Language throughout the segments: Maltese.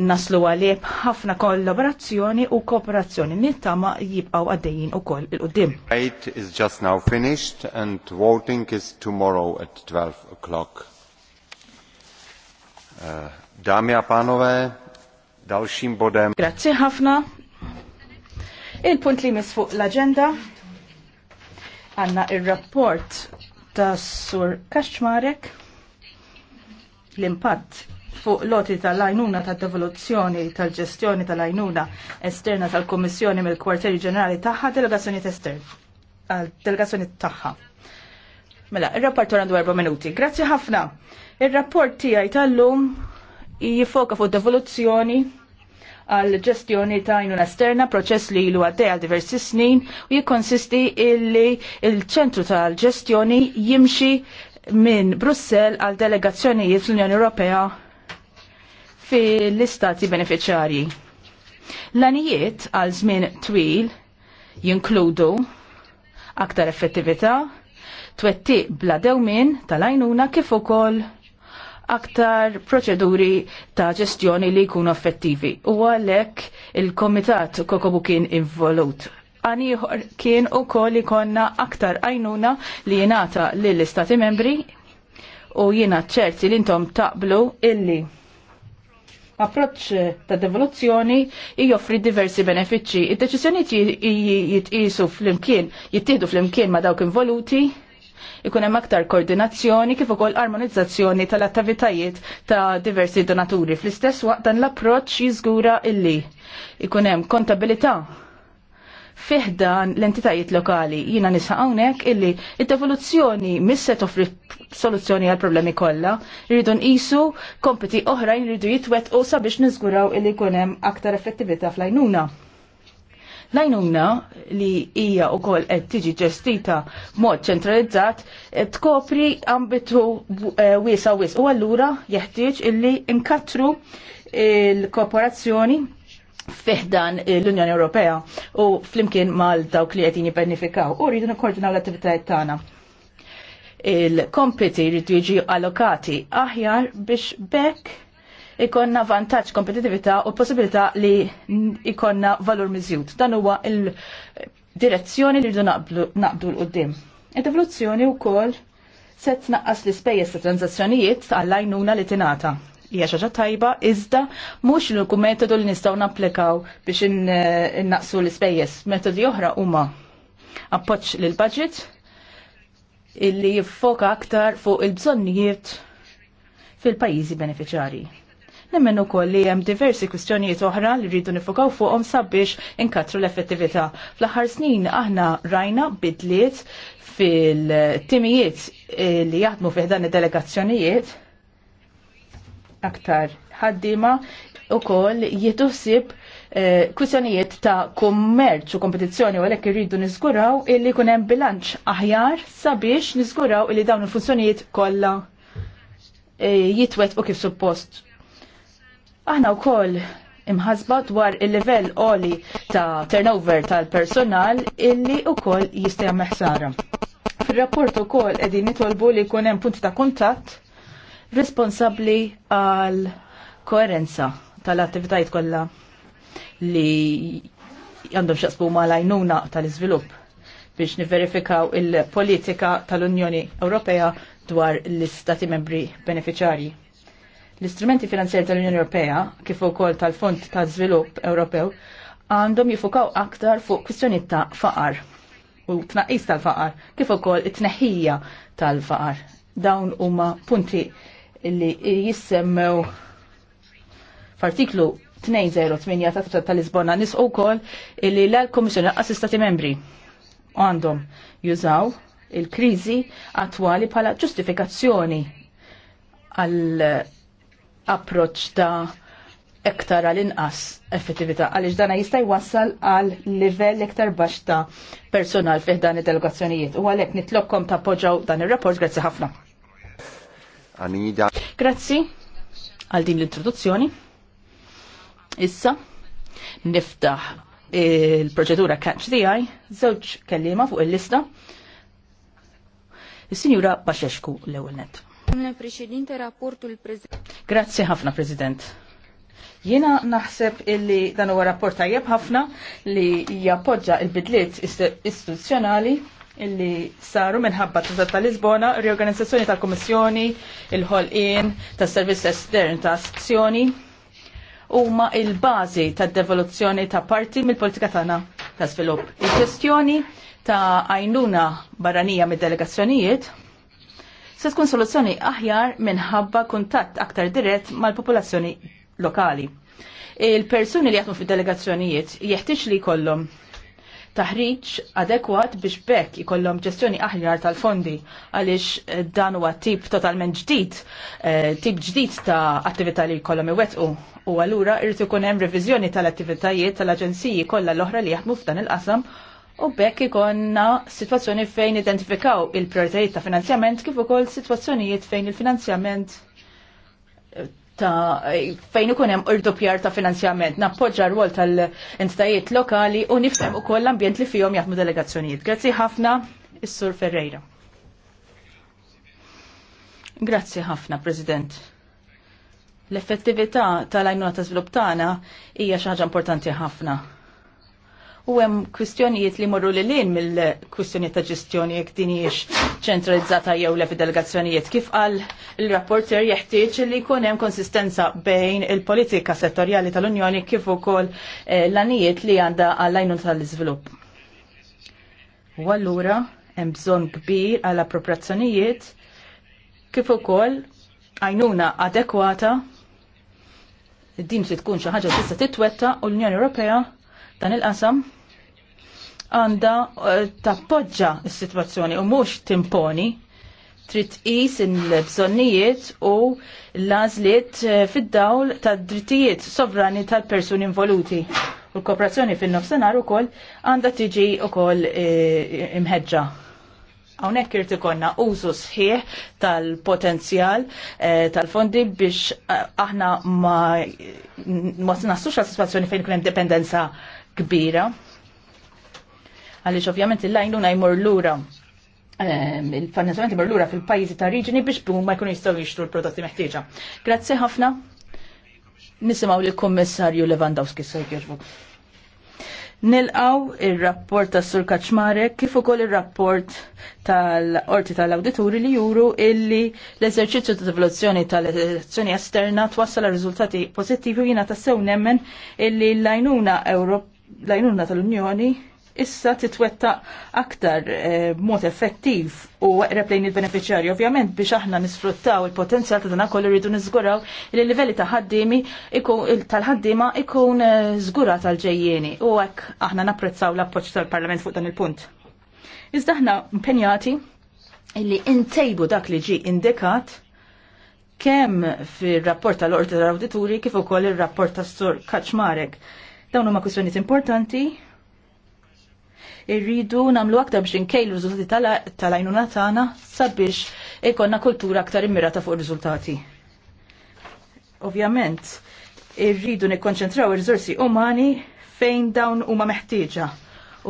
naslu għalih ħafna kollaborazzjoni u kooperazzjoni nittama jibqaw għaddejjin u koll il-qoddim. Eight is just now finished and voting is tomorrow at 12 o'clock. Uh, Dami panove, dalxim bodem. Grazie ħafna. Il-punt li mis fuq l-agenda għanna il-rapport ta' Sur Kaxmarek l-impatt fuq loti tal-għajnuna tad-devoluzzjoni tal-ġestjoni tal ajnuna esterna tal komissjoni mill kwarteri Ġenerali tagħha delegazzjoni estern delegazzjoni tagħha. Mela, ir-rapport għandu erba' minuti. Grazzi ħafna. Ir-rapport tiegħi tal-lum jifoka fuq devoluzzjoni għal ġestjoni ta' għajnuna esterna, proċess li ilu għaddej għal diversi snin u jikonsisti illi il-ċentru tal-ġestjoni jimxi minn Brussel għal delegazzjonijiet l-Unjoni Ewropea fil-istati beneficjarji. L-anijiet għal żmien twil jinkludu aktar effettività, twettiq bla dewmin tal ajnuna kif ukoll aktar proċeduri ta' ġestjoni li jkunu effettivi. U għalek il-komitat kokobu kien involut. Għaniħor kien u koll konna aktar għajnuna li jenata l-istati membri u jena ċerti l-intom taqblu illi approċċ ta' devoluzzjoni joffri diversi benefiċċji. Id-deċiżjonijiet jitqisu fl-imkien, jittieħdu fl-imkien ma' dawk involuti, ikun hemm aktar koordinazzjoni kif ukoll armonizzazzjoni tal-attivitajiet ta' diversi donaturi. Fl-istess waqt dan l-approċċ jiżgura illi ikun hemm kontabilità fiħdan l-entitajiet lokali. Jina nisa hawnhekk illi id-devoluzzjoni misset se soluzzjoni għal problemi kollha. Rridu nqisu kompiti oħrajn rridu jitwettqu sabiex niżguraw illi jkun hemm aktar effettività fl-għajnuna. Lajnuna li hija wkoll qed tiġi ġestita mod ċentralizzat tkopri ambitu e, wisa wis u allura jeħtieġ illi nkatru il korporazzjoni fiħdan l-Unjoni Ewropea u flimkien mal dawk li qed jibbenifikaw u rridu nkoordinaw l-attivitajiet tagħna il-kompiti rridu jiġi allokati aħjar biex bekk ikonna vantaġġ kompetitività u possibilità li ikonna valur miżjud. Dan huwa il-direzzjoni li rridu naqbdu l qudiem. Ed-evoluzzjoni wkoll se tnaqqas l-ispejjeż ta' tranzazzjonijiet għall-għajnuna li tingħata hija xi ħaġa tajba iżda mhux l-uniku metodu li nistgħu napplikaw biex eh, innaqsu l-ispejjeż. Metodi oħra huma appoġġ l budget illi jiffoka aktar fuq il-bżonnijiet fil-pajjiżi beneficjarji. Nemmen ukoll li hemm diversi kwistjonijiet oħra li rridu nifokaw fuqhom sabiex inkatru l-effettività. Fl-aħħar snin aħna rajna bidliet fil-timijiet eh, li jaħdmu fih dan id-delegazzjonijiet aktar ħaddima u koll jitussib eh, kwistjonijiet ta' kummerċ u kompetizzjoni u għalek irridu nizguraw illi kunem bilanċ aħjar sabiex nizguraw illi dawn il-funzjonijiet kolla eh, jitwet u kif suppost. Aħna u koll imħasba dwar il-level oli ta' turnover tal-personal illi u koll jistajam meħsara. Fil-rapport u koll edin nitolbu li kunem punt ta' kontatt responsabbli għal koerenza tal-attivitajiet kollha li għandhom xaqsbu ma lajnuna tal izvilup biex niverifikaw il-politika tal-Unjoni Ewropea dwar l-istati membri beneficjari. L-istrumenti finanzjari tal-Unjoni Ewropea, kif ukoll tal-Fond ta' Zvilupp Ewropew, għandhom jifukaw aktar fuq kwistjonijiet ta' faqar u tnaqqis tal-faqar, kif ukoll it-tneħħija tal-faqar. Dawn huma punti Illi jissemmew f'artiklu 208 ta' Trattat ta' Lisbona nisqu wkoll li l-Komissjoni assistati membri għandhom jużaw il-kriżi attwali bħala ġustifikazzjoni għall approċċ ta' ektar għal inqas effettività għaliex dana jista' jwassal għal livell iktar baxx ta' personal fih dan id-delegazzjonijiet u għalhekk nitlokkom tappoġġaw dan ir-rapport grazzi ħafna. Anida. Grazzi għal din l-introduzzjoni. Issa, niftaħ il-proċedura Catch the Eye, żewġ kellima fuq il-lista. il sinjura Baxexku l-ewwel net. Grazzi ħafna, President. Jiena naħseb illi dan huwa rapport tajjeb ħafna li jappoġġa il-bidliet istituzzjonali illi saru minħabba Trattat ta' Lisbona, riorganizzazzjoni tal kummissjoni il-ħolqien tas servizz estern ta' azzjoni huma il-bażi tad-devoluzzjoni ta' parti mill-politika tagħna ta' svilupp. Il-ġestjoni ta' għajnuna barranija mid-delegazzjonijiet se tkun soluzzjoni aħjar minħabba kuntatt aktar dirett mal-popolazzjoni lokali. Il-persuni li jaħdmu fid-delegazzjonijiet jeħtieġ li jkollhom taħriġ adekwat biex bekk ikollhom ġestjoni aħjar tal-fondi għaliex eh, dan huwa tip totalment ġdid, eh, tip ġdid ta' attività li jkollhom iwettqu. U allura irid ikun hemm reviżjoni tal-attivitajiet tal-aġenziji kollha l-oħra li jaħdmu f'dan il-qasam u bekk ikonna sitwazzjoni fejn identifikaw il-prioritajiet ta' finanzjament kif ukoll sitwazzjonijiet fejn il-finanzjament ta' fejn ikun hemm pjar ta' finanzjament, nappoġġa rwol tal-entitajiet lokali u nifhem ukoll l-ambjent li fihom jaħdmu delegazzjonijiet. Grazzi ħafna, is-Sur Ferreira. Grazzi ħafna, President. L-effettività tal-għajnuna ta' żvilupp tagħna hija xi ħaġa importanti ħafna u hemm kwistjonijiet li morru li lin mill-kwistjonijiet ta' ġestjoni jekk din hijiex ċentralizzata jew le delegazzjonijiet. Kif qal il-rapporter jeħtieġ li jkun hemm konsistenza bejn il-politika settorjali tal-Unjoni kif ukoll eh, l-anijiet li għandha għall tal-iżvilupp. U allura hemm bżonn kbir għal appropriazzjonijiet kif ukoll għajnuna adekwata din se tkun xi ħaġa tista' titwetta u l-Unjoni Ewropea dan il-qasam għanda eh, tappoġġa s-situazzjoni u mhux timponi trid tqis il-bżonnijiet u l-għażliet eh, fid-dawl tad-drittijiet sovrani tal-persuni involuti. U l-kooperazzjoni fin-nofsinhar ukoll għandha tiġi ukoll eh, imħeġġa. Hawnhekk irid konna użu sħiħ tal-potenzjal tal-fondi biex aħna ma ma nassux għal situazzjoni fejn kien dependenza kbira. Għaliex ovvjament il-lajnuna jmur lura ehm, il-finanzjament imur lura fil-pajjiżi ta' riġini biex bum ma jkun jistaw jishtu l-prodotti meħtieġa. Grazzi ħafna. Nisimgħu lill kummissarju Lewandowski se jkieġbok. Nilqaw il-rapport ta' Sur Kaczmarek kif ukoll il-rapport tal-Orti tal-Awdituri li juru illi l-eżerċizzju ta' devoluzzjoni tal-elezzjoni esterna twassal riżultati pozittivi jiena ta' sew nemmen illi l-lajnuna Ewrop l-għajnuna tal-Unjoni issa titwetta aktar eh, mod effettiv u eqreb lejn il-beneficjarju. Ovvjament biex aħna nisfruttaw il-potenzjal ta' dan kollu rridu niżguraw li livelli ta' ħaddimi tal-ħaddiema ikun zgura eh, tal ġejjeni u hekk aħna napprezzaw l-appoġġ tal-Parlament fuq dan il-punt. Iżda aħna impenjati illi intejbu dak li ġi indikat kemm fir-rapport tal-Ordi tal-Awdituri kif ukoll ir-rapport tas-Sur Kaċmarek Dawn huma kwistjonijiet importanti. Irridu nagħmlu aktar biex inkejlu riżultati tal-għajnuna tagħna sabiex ikonna kultura aktar immirata fuq ir-riżultati. Ovvjament, irridu nikkonċentraw ir-riżorsi umani fejn dawn huma meħtieġa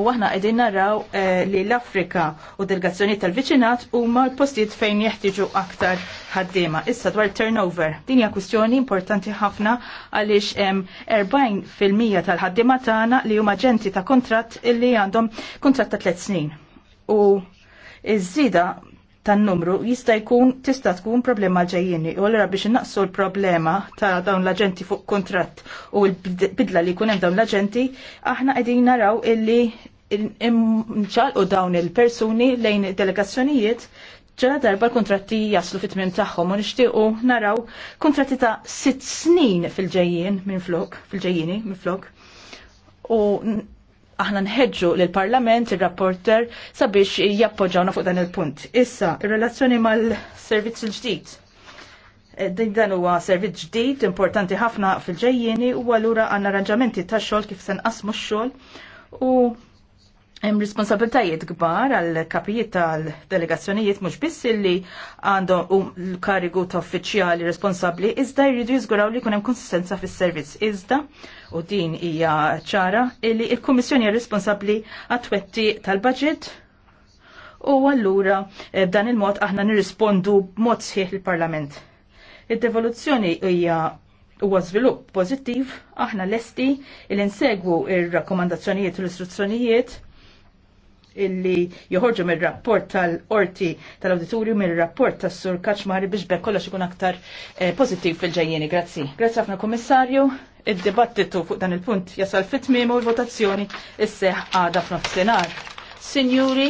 u aħna qegħdin naraw eh, li l-Afrika u delegazzjoni tal-viċinat huma l-postijiet fejn jeħtieġu aktar ħaddiema. Issa dwar turnover. Din hija kwistjoni importanti ħafna għaliex hemm 40% tal ħaddima tagħna li huma ġenti ta' kontratt illi għandhom kontrat ta' tliet snin. U iż-żida tan-numru jista' jkun tista' tkun problema ġejjini u allura biex innaqsu l-problema ta' dawn l-aġenti fuq kontratt u l-bidla li jkun hemm dawn l-aġenti aħna qegħdin naraw illi nċalqu dawn il-persuni lejn delegazzjonijiet ġara darba l-kontratti jaslu fit-tmim tagħhom u nixtiequ naraw kontratti ta' sitt snin fil-ġejjien minn flok, fil-ġejjieni minn flok. U aħna nħedġu lil parlament il-rapporter sabiex jappoġġawna fuq dan il-punt. Issa, il-relazzjoni mal-servizz il-ġdid. Eh, dan huwa servizz ġdid importanti ħafna fil ġejjeni u allura għandna arranġamenti ta' xogħol kif se nqasmu x-xogħol u Hemm responsabiltajiet kbar għal kapijiet tal-delegazzjonijiet mhux biss li għandhom um l-karigu ta' uffiċjali responsabbli iżda jridu jiżguraw li jkun hemm konsistenza fis-servizz iżda u din hija ċara li l-Kummissjoni hija responsabbli għat-twetti tal-baġit u allura eh, b'dan il-mod aħna nirrispondu b'mod sħiħ il-Parlament. Id-devoluzzjoni hija huwa żvilupp pożittiv aħna lesti il-insegwu ir-rakkomandazzjonijiet u l-istruzzjonijiet illi joħorġu mir rapport tal-orti tal auditorium mir rapport tas-sur Kaċmari biex bekk kollox ikun aktar eh, pozittiv fil-ġejjeni. Grazzi. Grazzi ħafna kummissarju. Id-dibattitu fuq dan il-punt jasal fit-tmiem u l-votazzjoni isseħ għada f'nofsinhar. Sinjuri,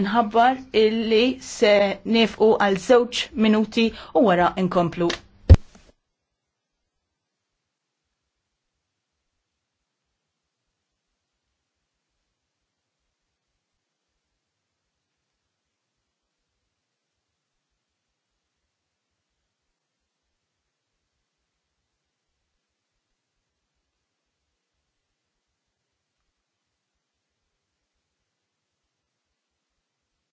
inħabbar illi se nifqu għal żewġ minuti u wara inkomplu